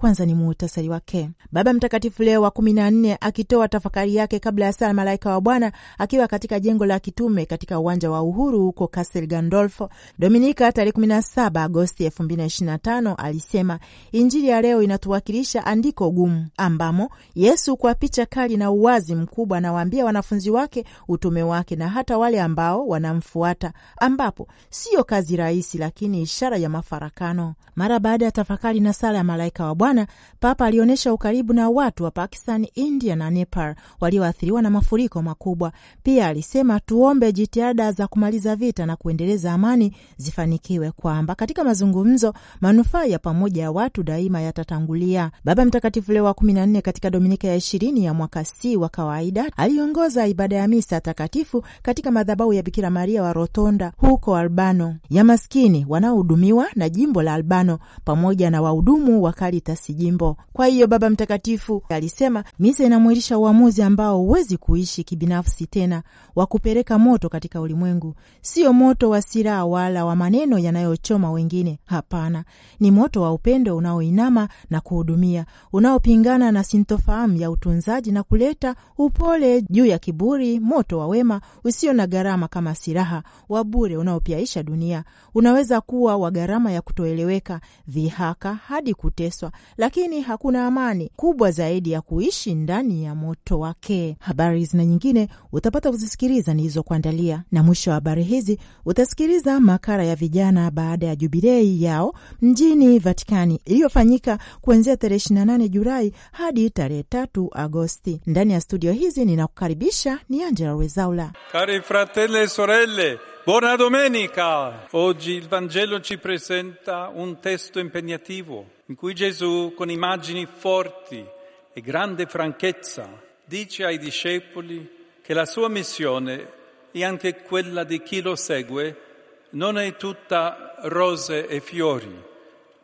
Kwanza ni muhtasari wake. Baba Mtakatifu Leo wa kumi na nne akitoa tafakari yake kabla ya sala Malaika wa Bwana akiwa katika jengo la kitume katika uwanja wa Uhuru huko Castel Gandolfo Dominika tarehe 17 Agosti 2025 alisema, Injili ya leo inatuwakilisha andiko gumu ambamo Yesu kwa picha kali na uwazi mkubwa anawaambia wanafunzi wake utume wake na hata wale ambao wanamfuata, ambapo siyo kazi rahisi, lakini ishara ya mafarakano. Mara baada ya tafakari na sala ya Malaika wa Bwana Bwana, Papa alionyesha ukaribu na watu wa Pakistan, India na Nepal walioathiriwa na mafuriko makubwa. Pia alisema tuombe jitihada za kumaliza vita na kuendeleza amani zifanikiwe, kwamba katika mazungumzo manufaa ya pamoja ya watu daima yatatangulia. Baba Mtakatifu Leo wa kumi na nne katika Dominika ya ishirini ya mwaka si wa kawaida aliongoza ibada ya misa takatifu katika madhabahu ya Bikira Maria wa Rotonda huko Albano ya maskini wanaohudumiwa na jimbo la Albano pamoja na wahudumu wa Caritas si jimbo. Kwa hiyo Baba Mtakatifu alisema misa inamwilisha uamuzi ambao huwezi kuishi kibinafsi tena, wa kupeleka moto katika ulimwengu. Sio moto wa silaha wala wa maneno yanayochoma wengine, hapana. Ni moto wa upendo unaoinama na kuhudumia, unaopingana na sintofahamu ya utunzaji na kuleta upole juu ya kiburi, moto wa wema usio na gharama, kama silaha wa bure unaopiaisha dunia. Unaweza kuwa wa gharama ya kutoeleweka, dhihaka, hadi kuteswa, lakini hakuna amani kubwa zaidi ya kuishi ndani ya moto wake. Habari hizi na nyingine utapata kuzisikiliza nilizokuandalia, na mwisho wa habari hizi utasikiliza makala ya vijana baada ya jubilei yao mjini Vatikani iliyofanyika kuanzia tarehe 28 Julai hadi tarehe 3 Agosti. Ndani ya studio hizi ninakukaribisha ni Angela Wezaula. Cari fratelli e sorelle Buona domenica! Oggi il Vangelo ci presenta un testo impegnativo in cui Gesù, con immagini forti e grande franchezza, dice ai discepoli che la sua missione e anche quella di chi lo segue non è tutta rose e fiori,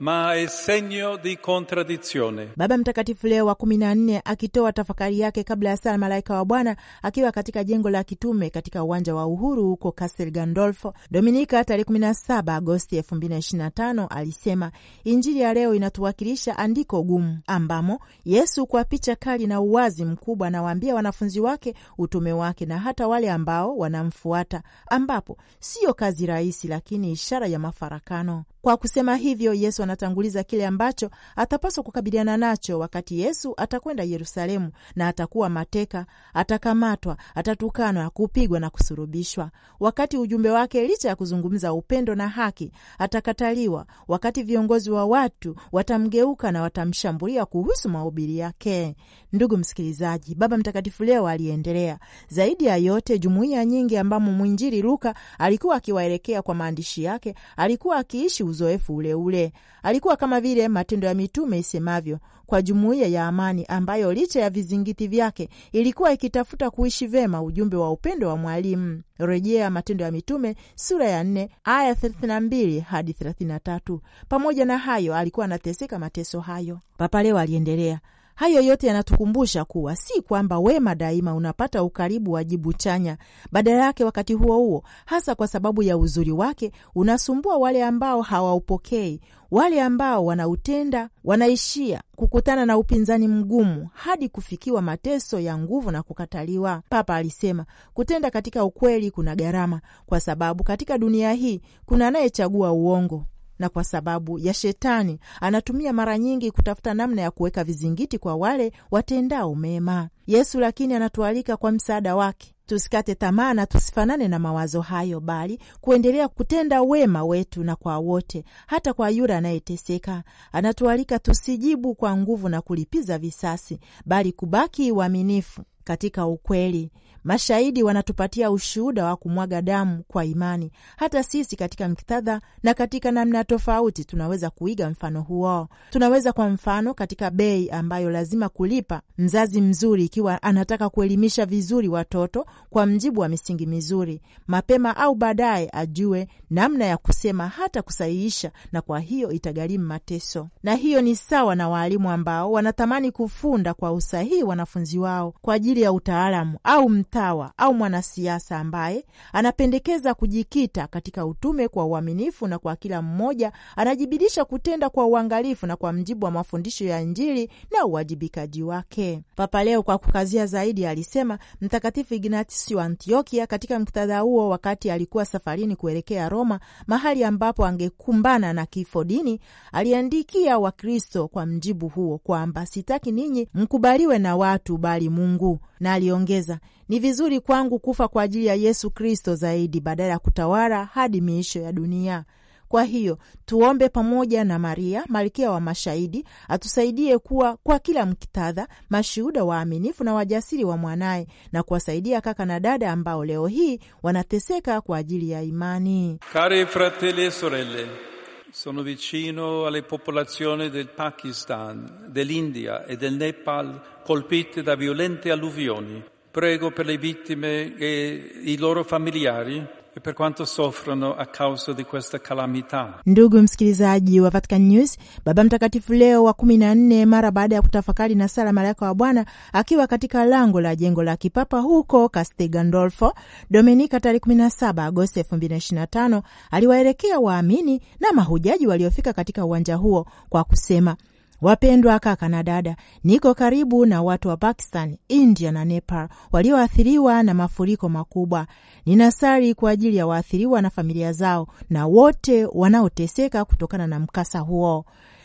ma è segno di contraddizione. Baba Mtakatifu Leo wa kumi na nne akitoa tafakari yake kabla ya sala Malaika wa Bwana akiwa katika jengo la kitume katika uwanja wa Uhuru huko Castel Gandolfo Dominika tarehe 17 Agosti 2025 alisema, Injili ya leo inatuwakilisha andiko gumu ambamo Yesu kwa picha kali na uwazi mkubwa anawaambia wanafunzi wake utume wake na hata wale ambao wanamfuata, ambapo siyo kazi rahisi, lakini ishara ya mafarakano. Kwa kusema hivyo Yesu anatanguliza kile ambacho atapaswa kukabiliana nacho wakati Yesu atakwenda Yerusalemu na atakuwa mateka, atakamatwa, atatukanwa, kupigwa na kusurubishwa. Wakati ujumbe wake, licha ya kuzungumza upendo na haki, atakataliwa. Wakati viongozi wa watu watamgeuka na watamshambulia kuhusu mahubiri yake. Ndugu msikilizaji, Baba Mtakatifu leo aliendelea zaidi ya yote. Jumuiya nyingi ambamo mwinjili Luka alikuwa akiwaelekea kwa maandishi yake alikuwa akiishi uzoefu uleule ule alikuwa kama vile Matendo ya Mitume isemavyo kwa jumuiya ya amani ambayo licha ya vizingiti vyake ilikuwa ikitafuta kuishi vema ujumbe wa upendo wa mwalimu. Rejea Matendo ya Mitume sura ya nne aya thelathini na mbili hadi thelathini na tatu. Pamoja na hayo alikuwa anateseka mateso hayo. Papa leo aliendelea Hayo yote yanatukumbusha kuwa si kwamba wema daima unapata ukaribu wa jibu chanya. Badala yake, wakati huo huo, hasa kwa sababu ya uzuri wake, unasumbua wale ambao hawaupokei. Wale ambao wanautenda wanaishia kukutana na upinzani mgumu hadi kufikiwa mateso ya nguvu na kukataliwa. Papa alisema kutenda katika ukweli kuna gharama, kwa sababu katika dunia hii kuna anayechagua uongo na kwa sababu ya Shetani anatumia mara nyingi kutafuta namna ya kuweka vizingiti kwa wale watendao mema. Yesu lakini anatualika kwa msaada wake tusikate tamaa na tusifanane na mawazo hayo, bali kuendelea kutenda wema wetu na kwa wote, hata kwa yule anayeteseka. Anatualika tusijibu kwa nguvu na kulipiza visasi, bali kubaki uaminifu katika ukweli. Mashahidi wanatupatia ushuhuda wa kumwaga damu kwa imani. Hata sisi katika muktadha na katika namna tofauti tunaweza kuiga mfano huo. Tunaweza kwa mfano, katika bei ambayo lazima kulipa mzazi mzuri ikiwa anataka kuelimisha vizuri watoto kwa mjibu wa misingi mizuri, mapema au baadaye ajue namna ya kusema, hata kusahihisha, na kwa hiyo itagharimu mateso. Na hiyo ni sawa na waalimu ambao wanatamani kufunda kwa usahihi wanafunzi wao kwa ajili ya utaalamu au mtawa au mwanasiasa ambaye anapendekeza kujikita katika utume kwa uaminifu na kwa kila mmoja anajibidisha kutenda kwa uangalifu na kwa mjibu wa mafundisho ya Injili na uwajibikaji wake. Papa leo kwa kukazia zaidi alisema Mtakatifu Ignatisi wa Antiokia katika muktadha huo, wakati alikuwa safarini kuelekea Roma, mahali ambapo angekumbana na kifo dini, aliandikia Wakristo kwa mjibu huo kwamba sitaki ninyi mkubaliwe na watu bali Mungu, na aliongeza ni vizuri kwangu kufa kwa ajili ya Yesu Kristo zaidi badala ya kutawala hadi miisho ya dunia. Kwa hiyo tuombe pamoja na Maria malkia wa mashahidi atusaidie kuwa kwa kila mkitadha mashuhuda waaminifu na wajasiri wa mwanaye na kuwasaidia kaka na dada ambao leo hii wanateseka kwa ajili ya imani. Cari fratelli e sorelle sono vicino alle popolazioni del Pakistan, dell'India e del Nepal colpite da violente alluvioni Prego per le vittime e i loro familiari e per quanto soffrono a causa di questa calamità. Ndugu msikilizaji wa Vatican News, Baba Mtakatifu Leo wa kumi na nne, mara baada ya kutafakari na sala Malaika wa Bwana akiwa katika lango la jengo la kipapa huko Castel Gandolfo Dominika tarehe 17 Agosti 2025 aliwaelekea waamini na mahujaji waliofika katika uwanja huo kwa kusema Wapendwa kaka na dada, niko karibu na watu wa Pakistan, India na Nepal walioathiriwa na mafuriko makubwa. Ninasali kwa ajili ya waathiriwa na familia zao na wote wanaoteseka kutokana na mkasa huo.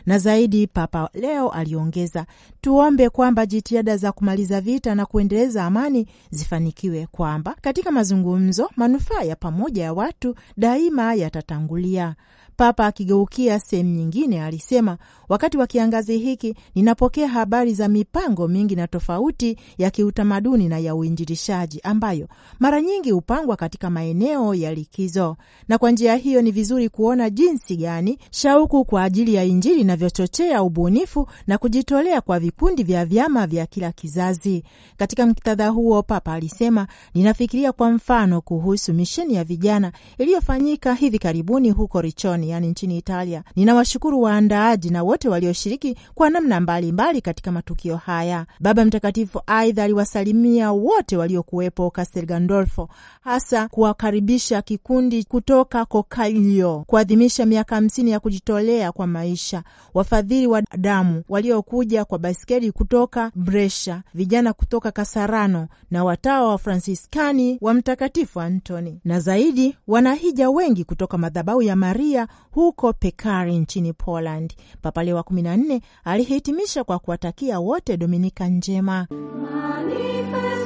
Na zaidi, Papa leo aliongeza, tuombe kwamba jitihada za kumaliza vita na kuendeleza amani zifanikiwe, kwamba katika mazungumzo manufaa ya pamoja ya watu daima yatatangulia. Papa akigeukia sehemu nyingine alisema, wakati wa kiangazi hiki ninapokea habari za mipango mingi na tofauti ya kiutamaduni na ya uinjilishaji ambayo mara nyingi hupangwa katika maeneo ya likizo, na kwa njia hiyo ni vizuri kuona jinsi gani shauku kwa ajili ya Injili na vinavyochochea ubunifu na kujitolea kwa vikundi vya vyama vya kila kizazi. Katika muktadha huo, Papa alisema, ninafikiria kwa mfano kuhusu misheni ya vijana iliyofanyika hivi karibuni huko Richoni, yani nchini Italia. Ninawashukuru waandaaji na wote walioshiriki kwa namna mbalimbali mbali katika matukio haya. Baba Mtakatifu aidha aliwasalimia wote waliokuwepo Castel Gandolfo, hasa kuwakaribisha kikundi kutoka Kokalio kuadhimisha miaka hamsini ya kujitolea kwa maisha wafadhili wa damu waliokuja kwa baiskeli kutoka Brescia, vijana kutoka Kasarano na watawa wa Fransiskani wa Mtakatifu Antoni, na zaidi wanahija wengi kutoka madhabahu ya Maria huko Pekari nchini Poland. Papa Leo wa 14 alihitimisha kwa kuwatakia wote Dominika njema Manifest.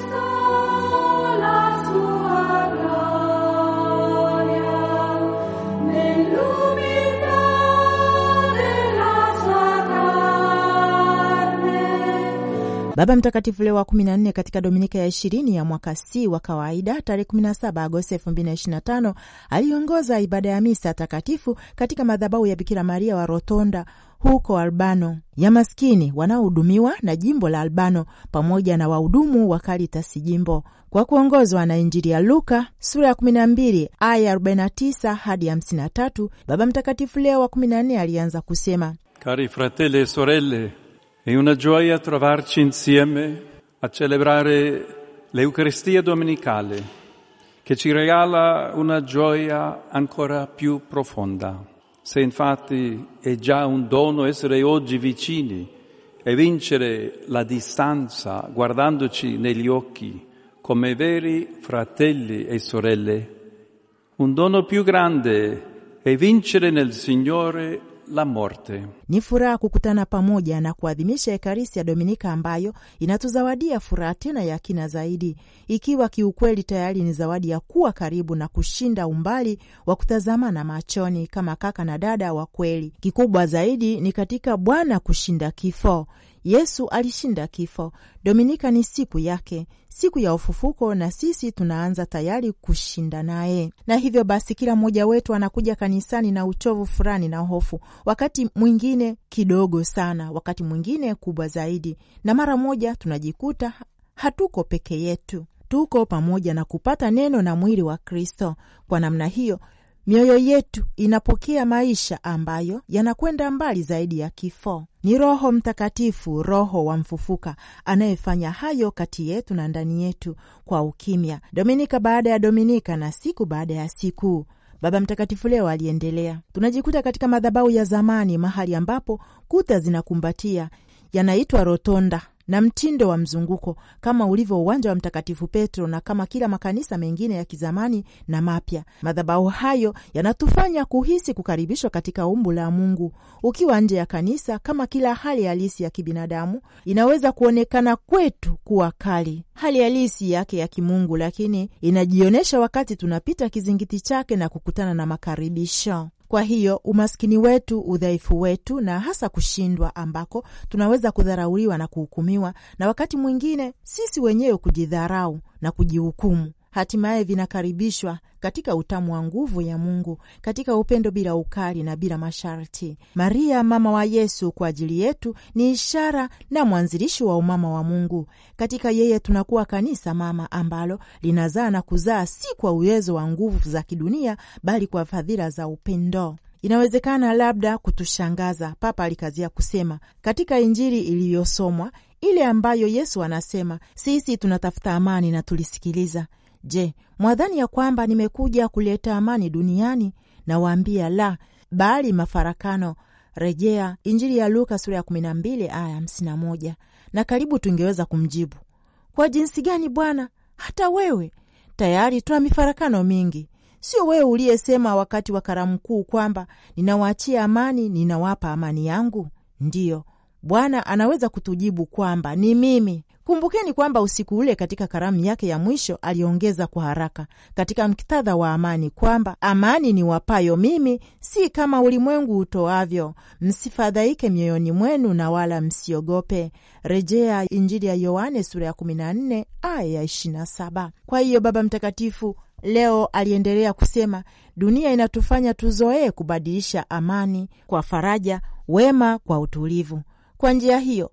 Baba Mtakatifu Leo wa 14 katika dominika ya ishirini ya mwaka C wa kawaida tarehe 17 Agosti 2025 aliongoza ibada ya misa takatifu katika madhabahu ya Bikira Maria wa Rotonda huko Albano ya maskini wanaohudumiwa na jimbo la Albano pamoja na wahudumu wa Karitasi jimbo kwa kuongozwa na Injili ya Luka sura ya 12 aya 49 hadi 53. Baba Mtakatifu Leo wa 14 alianza kusema, Cari fratelli e sorelle È una gioia trovarci insieme a celebrare l'Eucaristia domenicale che ci regala una gioia ancora più profonda. Se infatti è già un dono essere oggi vicini e vincere la distanza guardandoci negli occhi come veri fratelli e sorelle, un dono più grande è vincere nel Signore la morte. Ni furaha kukutana pamoja na kuadhimisha Ekaristi ya Dominika ambayo inatuzawadia furaha tena ya kina zaidi, ikiwa kiukweli tayari ni zawadi ya kuwa karibu na kushinda umbali wa kutazamana machoni kama kaka na dada wa kweli. Kikubwa zaidi ni katika Bwana kushinda kifo. Yesu alishinda kifo. Dominika ni siku yake, siku ya ufufuko, na sisi tunaanza tayari kushinda naye. Na hivyo basi, kila mmoja wetu anakuja kanisani na uchovu fulani na hofu, wakati mwingine kidogo sana, wakati mwingine kubwa zaidi, na mara moja tunajikuta hatuko peke yetu, tuko pamoja na kupata neno na mwili wa Kristo. Kwa namna hiyo Mioyo yetu inapokea maisha ambayo yanakwenda mbali zaidi ya kifo. Ni Roho Mtakatifu, Roho wa mfufuka, anayefanya hayo kati yetu na ndani yetu kwa ukimya, dominika baada ya dominika na siku baada ya siku. Baba Mtakatifu leo aliendelea, tunajikuta katika madhabahu ya zamani, mahali ambapo kuta zinakumbatia, yanaitwa rotonda na mtindo wa mzunguko kama ulivyo uwanja wa Mtakatifu Petro na kama kila makanisa mengine ya kizamani na mapya. Madhabahu hayo yanatufanya kuhisi kukaribishwa katika umbu la Mungu. Ukiwa nje ya kanisa, kama kila hali halisi ya kibinadamu, inaweza kuonekana kwetu kuwa kali, hali halisi yake ya kimungu, lakini inajionyesha wakati tunapita kizingiti chake na kukutana na makaribisho. Kwa hiyo umaskini wetu, udhaifu wetu, na hasa kushindwa ambako tunaweza kudharauliwa na kuhukumiwa, na wakati mwingine sisi wenyewe kujidharau na kujihukumu hatimaye vinakaribishwa katika utamu wa nguvu ya Mungu, katika upendo bila ukali na bila masharti. Maria mama wa Yesu kwa ajili yetu ni ishara na mwanzilishi wa umama wa Mungu. Katika yeye tunakuwa kanisa mama ambalo linazaa na kuzaa si kwa uwezo wa nguvu za kidunia, bali kwa fadhila za upendo. Inawezekana labda kutushangaza, Papa alikazia kusema katika Injili iliyosomwa ile ambayo Yesu anasema, sisi tunatafuta amani na tulisikiliza Je, mwadhani ya kwamba nimekuja kuleta amani duniani? Nawaambia la, bali mafarakano. Rejea Injili ya Luka sura ya 12 aya 51. Na karibu tungeweza kumjibu kwa jinsi gani, Bwana? Hata wewe tayari tuna mifarakano mingi. Sio wewe uliyesema wakati wa karamu kuu kwamba ninawaachia amani, ninawapa amani yangu? Ndiyo, Bwana anaweza kutujibu kwamba ni mimi Kumbukeni kwamba usiku ule katika karamu yake ya mwisho aliongeza kwa haraka katika mktadha wa amani kwamba amani ni wapayo mimi, si kama ulimwengu utoavyo. Msifadhaike mioyoni mwenu na wala msiogope. Rejea Injili ya Yohane sura ya 14 aya ya 27. Kwa hiyo Baba Mtakatifu leo aliendelea kusema, dunia inatufanya tuzoee kubadilisha amani kwa faraja, wema kwa utulivu. Kwa njia hiyo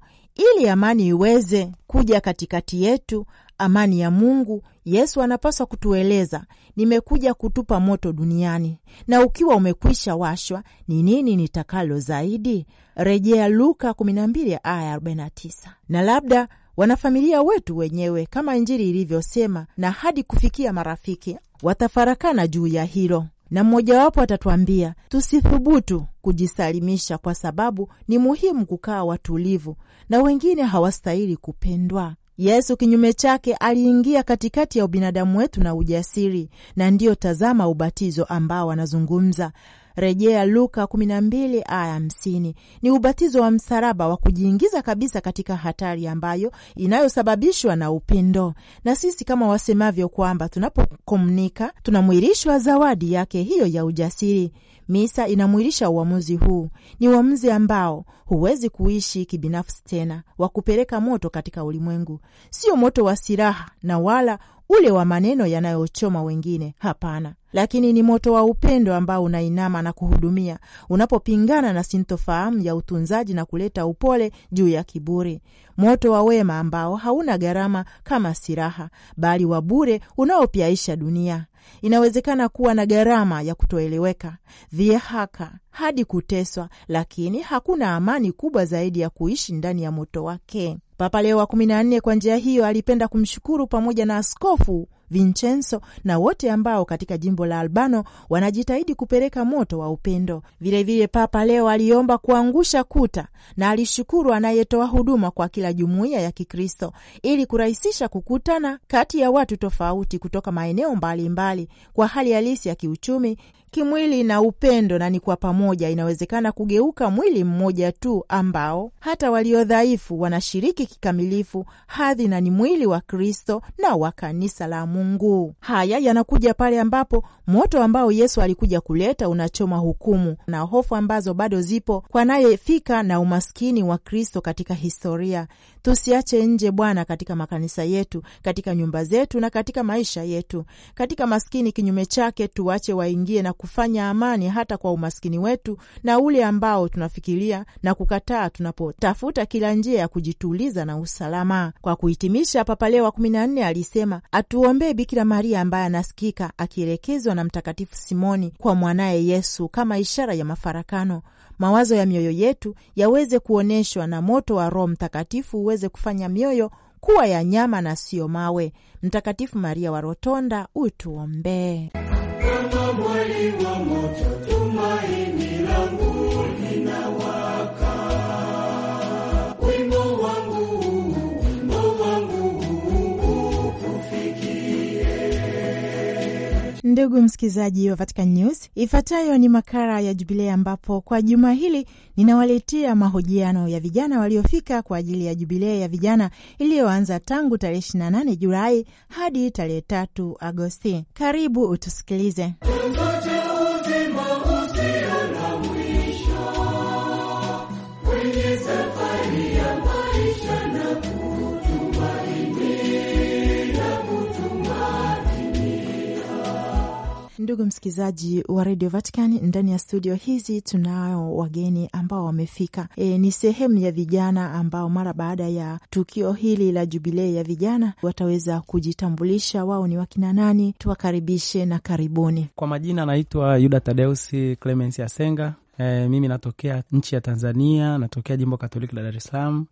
ili amani iweze kuja katikati yetu, amani ya Mungu, Yesu anapaswa kutueleza, nimekuja kutupa moto duniani, na ukiwa umekwisha washwa, ni nini nitakalo zaidi? Rejea Luka 12 aya 49. Na labda wanafamilia wetu wenyewe, kama Injili ilivyosema, na hadi kufikia marafiki watafarakana juu ya hilo, na mmojawapo atatwambia tusithubutu kujisalimisha, kwa sababu ni muhimu kukaa watulivu na wengine hawastahili kupendwa. Yesu kinyume chake aliingia katikati ya ubinadamu wetu na ujasiri, na ndiyo tazama ubatizo ambao anazungumza Rejea Luka 12 aya 50. Ni ubatizo wa msalaba wa kujiingiza kabisa katika hatari ambayo inayosababishwa na upendo, na sisi kama wasemavyo kwamba tunapokomunika tunamwirishwa zawadi yake hiyo ya ujasiri. Misa inamwilisha uamuzi huu. Ni uamuzi ambao huwezi kuishi kibinafsi tena, wa kupeleka moto katika ulimwengu, sio moto wa silaha na wala ule wa maneno yanayochoma wengine. Hapana, lakini ni moto wa upendo ambao unainama na kuhudumia unapopingana na sintofahamu ya utunzaji na kuleta upole juu ya kiburi, moto wa wema ambao hauna gharama kama silaha, bali wa bure unaopyaisha dunia. Inawezekana kuwa na gharama ya kutoeleweka, dhihaka, hadi kuteswa, lakini hakuna amani kubwa zaidi ya kuishi ndani ya moto wake. Papa Leo wa kumi na nne kwa njia hiyo alipenda kumshukuru pamoja na askofu Vincenzo na wote ambao katika jimbo la Albano wanajitahidi kupeleka moto wa upendo. Vilevile vile Papa Leo aliomba kuangusha kuta na alishukuru anayetoa huduma kwa kila jumuiya ya Kikristo ili kurahisisha kukutana kati ya watu tofauti kutoka maeneo mbalimbali mbali, kwa hali halisi ya kiuchumi kimwili na upendo, na ni kwa pamoja inawezekana kugeuka mwili mmoja tu ambao hata walio dhaifu wanashiriki kikamilifu hadhi na ni mwili wa Kristo na wa kanisa la Mungu. Haya yanakuja pale ambapo moto ambao Yesu alikuja kuleta unachoma hukumu na hofu ambazo bado zipo kwa nayefika na umaskini wa Kristo katika historia. Tusiache nje Bwana katika makanisa yetu, katika nyumba zetu na katika maisha yetu. Katika maskini kinyume chake tuwache waingie na kufanya amani hata kwa umaskini wetu na ule ambao tunafikiria na kukataa tunapotafuta kila njia ya kujituliza na usalama. Kwa kuhitimisha, Papa Leo wa kumi na nne alisema atuombee Bikira Maria ambaye anasikika akielekezwa na Mtakatifu Simoni kwa mwanaye Yesu kama ishara ya mafarakano mawazo ya mioyo yetu yaweze kuonyeshwa na moto wa Roho Mtakatifu uweze kufanya mioyo kuwa ya nyama na siyo mawe. Mtakatifu Maria wa Rotonda, utuombee. mweli wa moto tumaini Ndugu msikilizaji wa Vatican News, ifuatayo ni makala ya Jubilei ambapo kwa juma hili ninawaletea mahojiano ya vijana waliofika kwa ajili ya Jubilei ya vijana iliyoanza tangu tarehe 28 Julai hadi tarehe 3 Agosti. Karibu utusikilize. Ndugu msikilizaji wa redio Vatican, ndani ya studio hizi tunao wageni ambao wamefika. E, ni sehemu ya vijana ambao mara baada ya tukio hili la jubilei ya vijana wataweza kujitambulisha wao ni wakina nani. Tuwakaribishe na karibuni. Kwa majina, anaitwa Yuda Tadeusi Clemens Asenga. E, mimi natokea nchi ya Tanzania, natokea jimbo Katoliki la Dar es Salaam.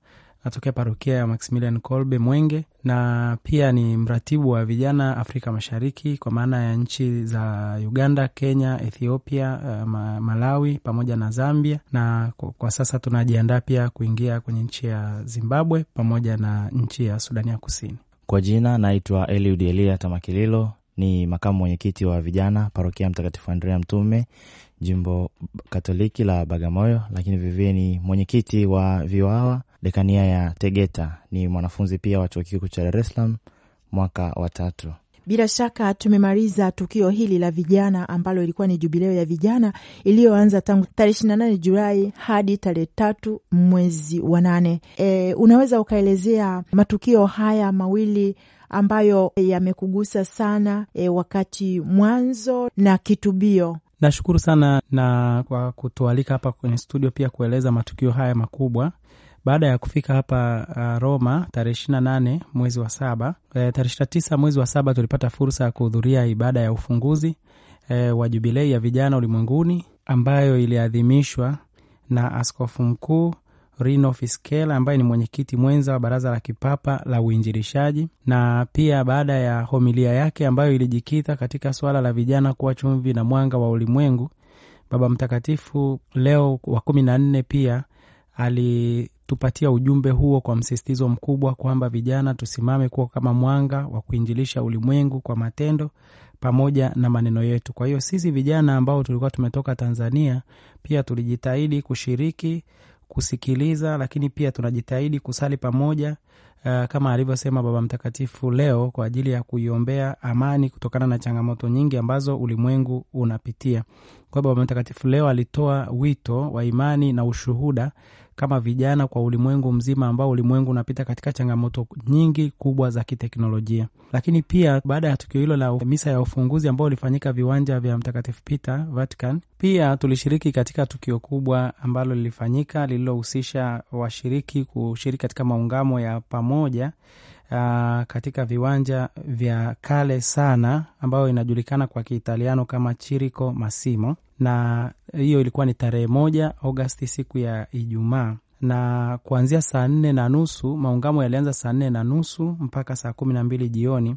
Natokea parokia ya Maximilian Kolbe Mwenge, na pia ni mratibu wa vijana Afrika Mashariki kwa maana ya nchi za Uganda, Kenya, Ethiopia, eh, Malawi pamoja na Zambia, na kwa sasa tunajiandaa pia kuingia kwenye nchi ya Zimbabwe pamoja na nchi ya Sudani ya Kusini. Kwa jina naitwa Eliud Elia Tamakililo, ni makamu mwenyekiti wa vijana parokia Mtakatifu Andrea Mtume, jimbo Katoliki la Bagamoyo, lakini vivie ni mwenyekiti wa VIWAWA dekania ya Tegeta. Ni mwanafunzi pia wa chuo kikuu cha Dar es Salaam mwaka wa tatu. Bila shaka tumemaliza tukio hili la vijana ambalo ilikuwa ni jubileo ya vijana iliyoanza tangu tarehe 28 Julai hadi tarehe tatu mwezi wa nane. E, unaweza ukaelezea matukio haya mawili ambayo yamekugusa sana e, wakati mwanzo na kitubio? Nashukuru sana na kwa kutualika hapa kwenye studio pia kueleza matukio haya makubwa baada ya kufika hapa uh, Roma tarehe ishirini na nane mwezi wa saba e, tarehe ishirini na tisa mwezi wa saba tulipata fursa ya kuhudhuria ibada ya ufunguzi e, wa jubilei ya vijana ulimwenguni ambayo iliadhimishwa na askofu mkuu Rino Fisichella ambaye ni mwenyekiti mwenza wa Baraza la Kipapa la Uinjilishaji, na pia baada ya homilia yake ambayo ilijikita katika suala la vijana kuwa chumvi na mwanga wa ulimwengu, Baba Mtakatifu Leo wa kumi na nne pia ali tupatia ujumbe huo kwa msisitizo mkubwa kwamba vijana tusimame kuwa kama mwanga wa kuinjilisha ulimwengu kwa matendo pamoja na maneno yetu. Kwa hiyo sisi vijana ambao tulikuwa tumetoka Tanzania pia tulijitahidi kushiriki, kusikiliza, lakini pia tunajitahidi kusali pamoja uh, kama alivyosema Baba Mtakatifu leo kwa ajili ya kuiombea amani kutokana na changamoto nyingi ambazo ulimwengu unapitia. Kwa Baba Mtakatifu leo alitoa wito wa imani na ushuhuda kama vijana kwa ulimwengu mzima ambao ulimwengu unapita katika changamoto nyingi kubwa za kiteknolojia. Lakini pia baada ya tukio hilo la misa ya ufunguzi ambao ulifanyika viwanja vya Mtakatifu Peter, Vatican, pia tulishiriki katika tukio kubwa ambalo lilifanyika lililohusisha washiriki kushiriki katika maungamo ya pamoja Uh, katika viwanja vya kale sana ambayo inajulikana kwa Kiitaliano kama Chirico Massimo na hiyo ilikuwa ni tarehe moja Agosti, siku ya Ijumaa, na kuanzia saa nne na nusu maungamo yalianza saa nne na nusu mpaka saa kumi na mbili jioni.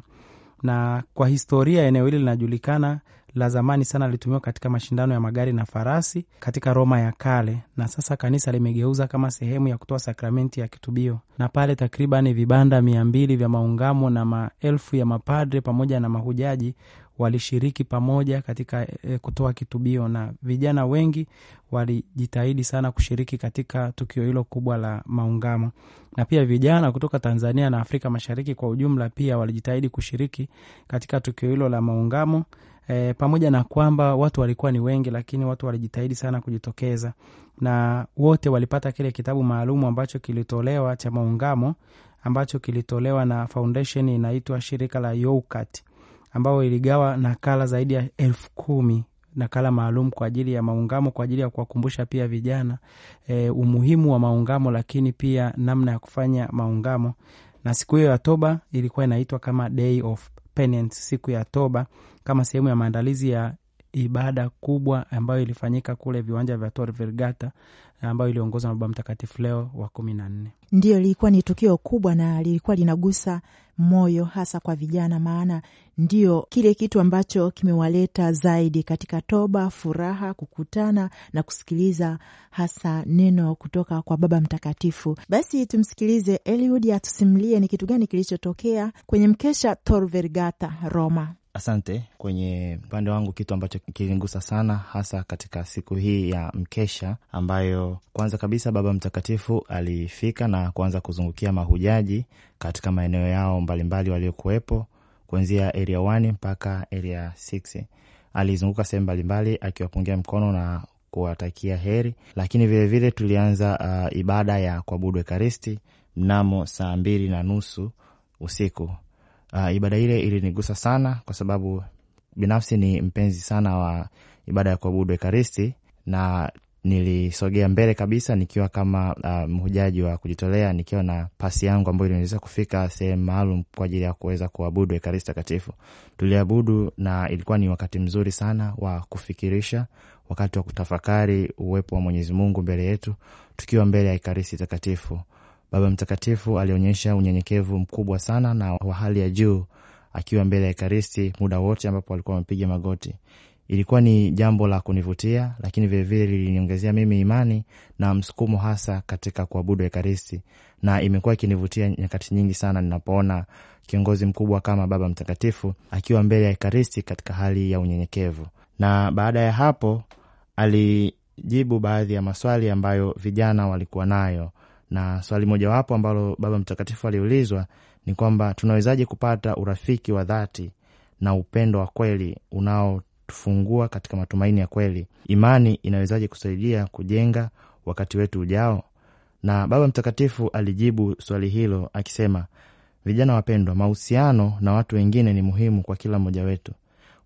Na kwa historia, eneo hili linajulikana la zamani sana lilitumiwa katika mashindano ya magari na farasi katika Roma ya kale, na sasa kanisa limegeuza kama sehemu ya kutoa sakramenti ya kitubio, na pale takriban vibanda mia mbili vya maungamo na maelfu ya mapadre pamoja na mahujaji walishiriki pamoja katika e, kutoa kitubio na vijana wengi walijitahidi sana kushiriki katika tukio hilo kubwa la maungamo, na pia vijana kutoka Tanzania na Afrika Mashariki kwa ujumla pia walijitahidi kushiriki katika tukio hilo la maungamo. E, pamoja na kwamba watu walikuwa ni wengi, lakini watu walijitahidi sana kujitokeza, na wote walipata kile kitabu maalum ambacho kilitolewa cha maungamo ambacho kilitolewa na foundation inaitwa shirika la Youkat ambayo iligawa nakala zaidi ya elfu kumi nakala maalum kwa ajili ya maungamo kwa ajili ya kuwakumbusha pia vijana e, umuhimu wa maungamo, lakini pia namna ya kufanya maungamo. Na siku hiyo ya toba ilikuwa inaitwa kama Day of Penance, siku ya toba, kama sehemu ya maandalizi ya ibada kubwa ambayo ilifanyika kule viwanja vya Tor Vergata ambayo iliongozwa na Baba Mtakatifu Leo wa kumi na nne. Ndiyo, lilikuwa ni tukio kubwa na lilikuwa linagusa moyo hasa kwa vijana, maana ndio kile kitu ambacho kimewaleta zaidi katika toba, furaha, kukutana na kusikiliza hasa neno kutoka kwa Baba Mtakatifu. Basi tumsikilize Eliud atusimulie ni kitu gani kilichotokea kwenye mkesha Tor Vergata Roma. Asante. Kwenye upande wangu, kitu ambacho kilingusa sana hasa katika siku hii ya mkesha, ambayo kwanza kabisa Baba Mtakatifu alifika na kuanza kuzungukia mahujaji katika maeneo yao mbalimbali waliokuwepo, kuanzia area mpaka area 6. Alizunguka sehemu mbalimbali akiwapungia mkono na kuwatakia heri, lakini vilevile vile tulianza uh, ibada ya kuabudu Ekaristi mnamo saa mbili na nusu usiku uh, ibada ile ilinigusa sana, kwa sababu binafsi ni mpenzi sana wa ibada ya kuabudu Ekaristi, na nilisogea mbele kabisa nikiwa kama uh, mhujaji wa kujitolea, nikiwa na pasi yangu ambayo iliweza kufika sehemu maalum kwa ajili ya kuweza kuabudu Ekaristi Takatifu. Tuliabudu na ilikuwa ni wakati mzuri sana wa kufikirisha, wakati wa kutafakari uwepo wa Mwenyezi Mungu mbele yetu, tukiwa mbele ya Ekaristi Takatifu. Baba Mtakatifu alionyesha unyenyekevu mkubwa sana na wa hali ya juu akiwa mbele ya Ekaristi muda wote ambapo alikuwa amepiga magoti. Ilikuwa ni jambo la kunivutia, lakini vilevile liliniongezea mimi imani na msukumo, hasa katika kuabudu Ekaristi, na imekuwa ikinivutia nyakati nyingi sana ninapoona kiongozi mkubwa kama Baba Mtakatifu akiwa mbele ya Ekaristi katika hali ya unyenyekevu. Na baada ya hapo alijibu baadhi ya maswali ambayo vijana walikuwa nayo na swali mojawapo ambalo Baba Mtakatifu aliulizwa ni kwamba tunawezaje kupata urafiki wa dhati na upendo wa kweli unaotufungua katika matumaini ya kweli. Imani inawezaje kusaidia kujenga wakati wetu ujao? Na Baba Mtakatifu alijibu swali hilo akisema, vijana wapendwa, mahusiano na watu wengine ni muhimu kwa kila mmoja wetu,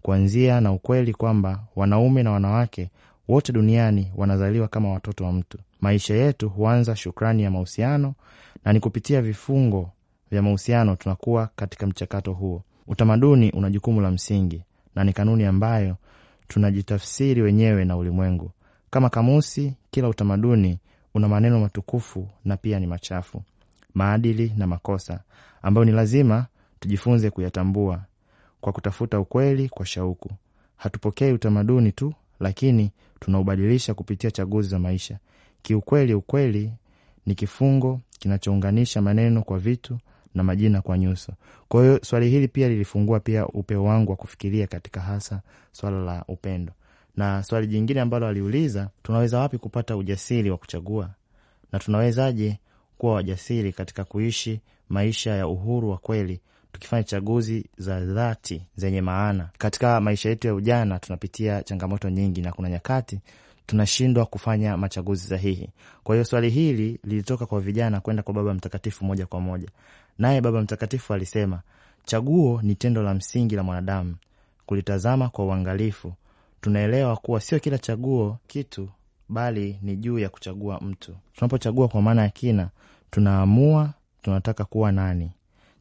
kuanzia na ukweli kwamba wanaume na wanawake wote duniani wanazaliwa kama watoto wa mtu Maisha yetu huanza shukrani ya mahusiano, na ni kupitia vifungo vya mahusiano tunakuwa katika mchakato huo. Utamaduni una jukumu la msingi na ni kanuni ambayo tunajitafsiri wenyewe na ulimwengu. Kama kamusi, kila utamaduni una maneno matukufu na pia ni machafu, maadili na makosa ambayo ni lazima tujifunze kuyatambua kwa kutafuta ukweli kwa shauku. Hatupokei utamaduni tu, lakini tunaubadilisha kupitia chaguzi za maisha. Kiukweli ukweli ni kifungo kinachounganisha maneno kwa vitu na majina kwa nyuso. Kwa hiyo swali hili pia lilifungua pia upeo wangu wa kufikiria katika hasa swala la upendo. Na swali jingine ambalo aliuliza, tunaweza wapi kupata ujasiri wa kuchagua na tunawezaje kuwa wajasiri katika kuishi maisha ya uhuru wa kweli tukifanya chaguzi za dhati zenye maana. Katika maisha yetu ya ujana tunapitia changamoto nyingi, na kuna nyakati tunashindwa kufanya machaguzi sahihi. Kwa hiyo swali hili lilitoka kwa vijana kwenda kwa Baba Mtakatifu moja kwa moja, naye Baba Mtakatifu alisema, chaguo ni tendo la msingi la mwanadamu kulitazama kwa uangalifu. Tunaelewa kuwa sio kila chaguo kitu, bali ni juu ya kuchagua mtu. Tunapochagua kwa maana ya kina, tunaamua tunataka kuwa nani.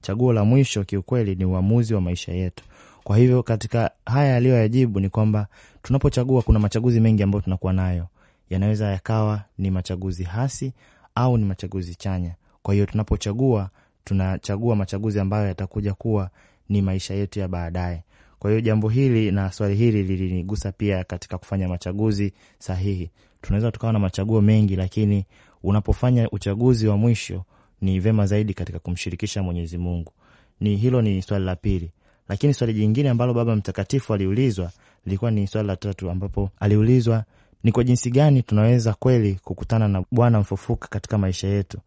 Chaguo la mwisho kiukweli ni uamuzi wa maisha yetu. Kwa hivyo katika haya aliyoyajibu ni kwamba tunapochagua, kuna machaguzi mengi ambayo tunakuwa nayo, yanaweza yakawa ni machaguzi hasi au ni machaguzi chanya. Kwa hiyo tunapochagua, tunachagua machaguzi ambayo yatakuja kuwa ni maisha yetu ya baadaye. Kwa hiyo jambo hili na swali hili lilinigusa pia katika kufanya machaguzi sahihi. Tunaweza tukawa na machaguo mengi, lakini unapofanya uchaguzi wa mwisho ni vema zaidi katika kumshirikisha Mwenyezi Mungu. Ni hilo ni swali la pili. Lakini swali jingine ambalo Baba Mtakatifu aliulizwa lilikuwa ni swali la tatu, ambapo aliulizwa ni kwa jinsi gani tunaweza kweli kukutana na Bwana mfufuka katika maisha yetu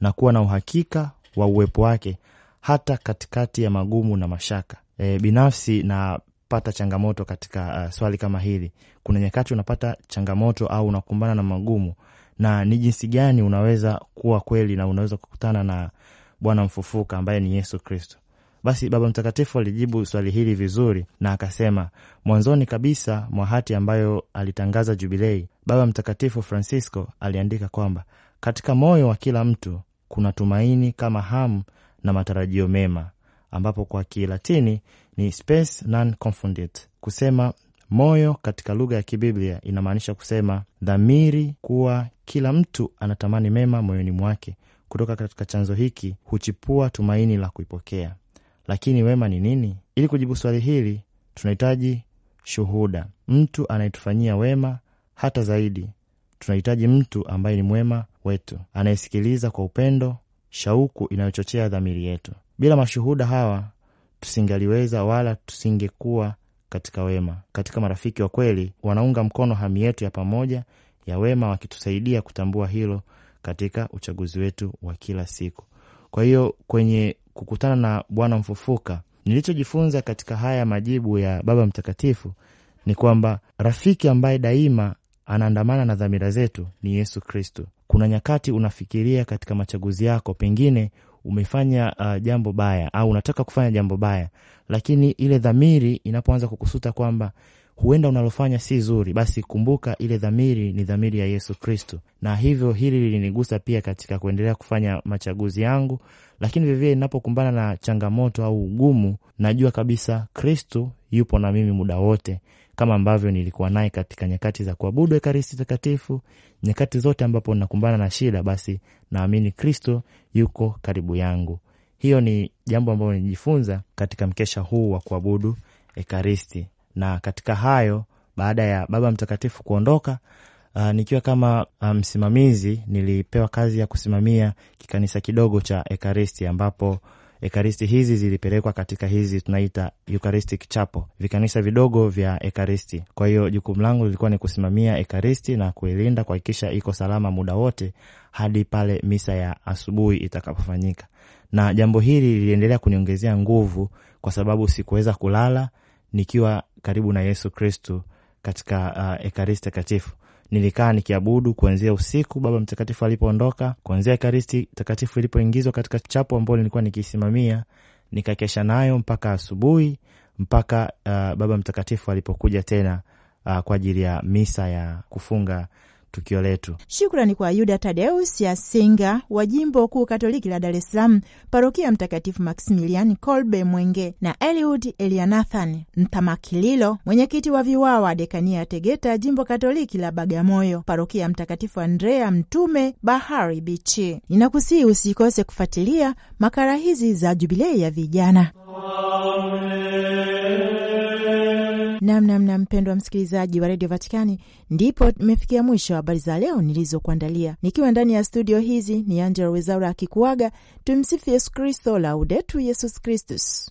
na kuwa na uhakika wa uwepo wake hata katikati ya magumu na mashaka. E, binafsi napata changamoto katika uh, swali kama hili. Kuna nyakati unapata changamoto au unakumbana na magumu, na ni jinsi gani unaweza kuwa kweli na unaweza kukutana na Bwana mfufuka ambaye ni Yesu Kristo. Basi Baba Mtakatifu alijibu swali hili vizuri na akasema, mwanzoni kabisa mwa hati ambayo alitangaza Jubilei, Baba Mtakatifu Francisco aliandika kwamba katika moyo wa kila mtu kuna tumaini kama hamu na matarajio mema, ambapo kwa Kilatini ni spes non confundit. Kusema moyo katika lugha ya Kibiblia inamaanisha kusema dhamiri, kuwa kila mtu anatamani mema moyoni mwake. Kutoka katika chanzo hiki huchipua tumaini la kuipokea lakini wema ni nini? Ili kujibu swali hili, tunahitaji shuhuda, mtu anayetufanyia wema. Hata zaidi, tunahitaji mtu ambaye ni mwema wetu, anayesikiliza kwa upendo, shauku inayochochea dhamiri yetu. Bila mashuhuda hawa tusingaliweza wala tusingekuwa katika wema. Katika marafiki wa kweli, wanaunga mkono hamu yetu ya pamoja ya wema, wakitusaidia kutambua hilo katika uchaguzi wetu wa kila siku. Kwa hiyo kwenye kukutana na Bwana mfufuka, nilichojifunza katika haya majibu ya Baba Mtakatifu ni kwamba rafiki ambaye daima anaandamana na dhamira zetu ni Yesu Kristo. Kuna nyakati unafikiria katika machaguzi yako, pengine umefanya uh, jambo baya au unataka kufanya jambo baya, lakini ile dhamiri inapoanza kukusuta kwamba huenda unalofanya si zuri, basi kumbuka ile dhamiri ni dhamiri ya Yesu Kristo. Na hivyo hili lilinigusa pia katika kuendelea kufanya machaguzi yangu, lakini vilevile ninapokumbana na changamoto au ugumu, najua kabisa Kristo yupo na mimi muda wote, kama ambavyo nilikuwa naye katika nyakati za kuabudu Ekaristi Takatifu. Nyakati zote ambapo nakumbana na shida, basi naamini Kristo yuko karibu yangu. Hiyo ni jambo ambalo nijifunza katika mkesha huu wa kuabudu Ekaristi na katika hayo, baada ya Baba Mtakatifu kuondoka Uh, nikiwa kama uh, msimamizi um, nilipewa kazi ya kusimamia kikanisa kidogo cha Ekaristi ambapo Ekaristi hizi zilipelekwa katika hizi tunaita Eucharistic chapo vikanisa vidogo vya Ekaristi. Kwa hiyo jukumu langu lilikuwa ni kusimamia Ekaristi na kuilinda, kuhakikisha iko salama muda wote hadi pale misa ya asubuhi itakapofanyika, na jambo hili liliendelea kuniongezea nguvu kwa sababu sikuweza kulala nikiwa karibu na Yesu Kristu katika uh, Ekaristi Takatifu. Nilikaa nikiabudu kuanzia usiku Baba Mtakatifu alipoondoka, kuanzia Ekaristi Takatifu ilipoingizwa katika chapo ambayo nilikuwa nikisimamia, nikakesha nayo mpaka asubuhi, mpaka uh, Baba Mtakatifu alipokuja tena uh, kwa ajili ya misa ya kufunga tukio letu. Shukrani kwa Yuda Tadeus Yasinga wa jimbo kuu Katoliki la Dar es Salaam, parokia Mtakatifu Maximilian Kolbe Mwenge na Eliud Elianathan Ntamakililo, mwenyekiti wa VIWAWA dekania ya Tegeta, jimbo Katoliki la Bagamoyo, parokia Mtakatifu Andrea Mtume Bahari Bichi. Ninakusihi usikose kufuatilia makala hizi za Jubilei ya Vijana. Amen. Namnamna mpendwa msikilizaji wa redio Vatikani, ndipo tumefikia mwisho habari za leo nilizokuandalia, nikiwa ndani ya studio hizi. Ni Angela Wezaura akikuaga. Tumsifu Yesu Kristo, laudetu Yesus Kristus.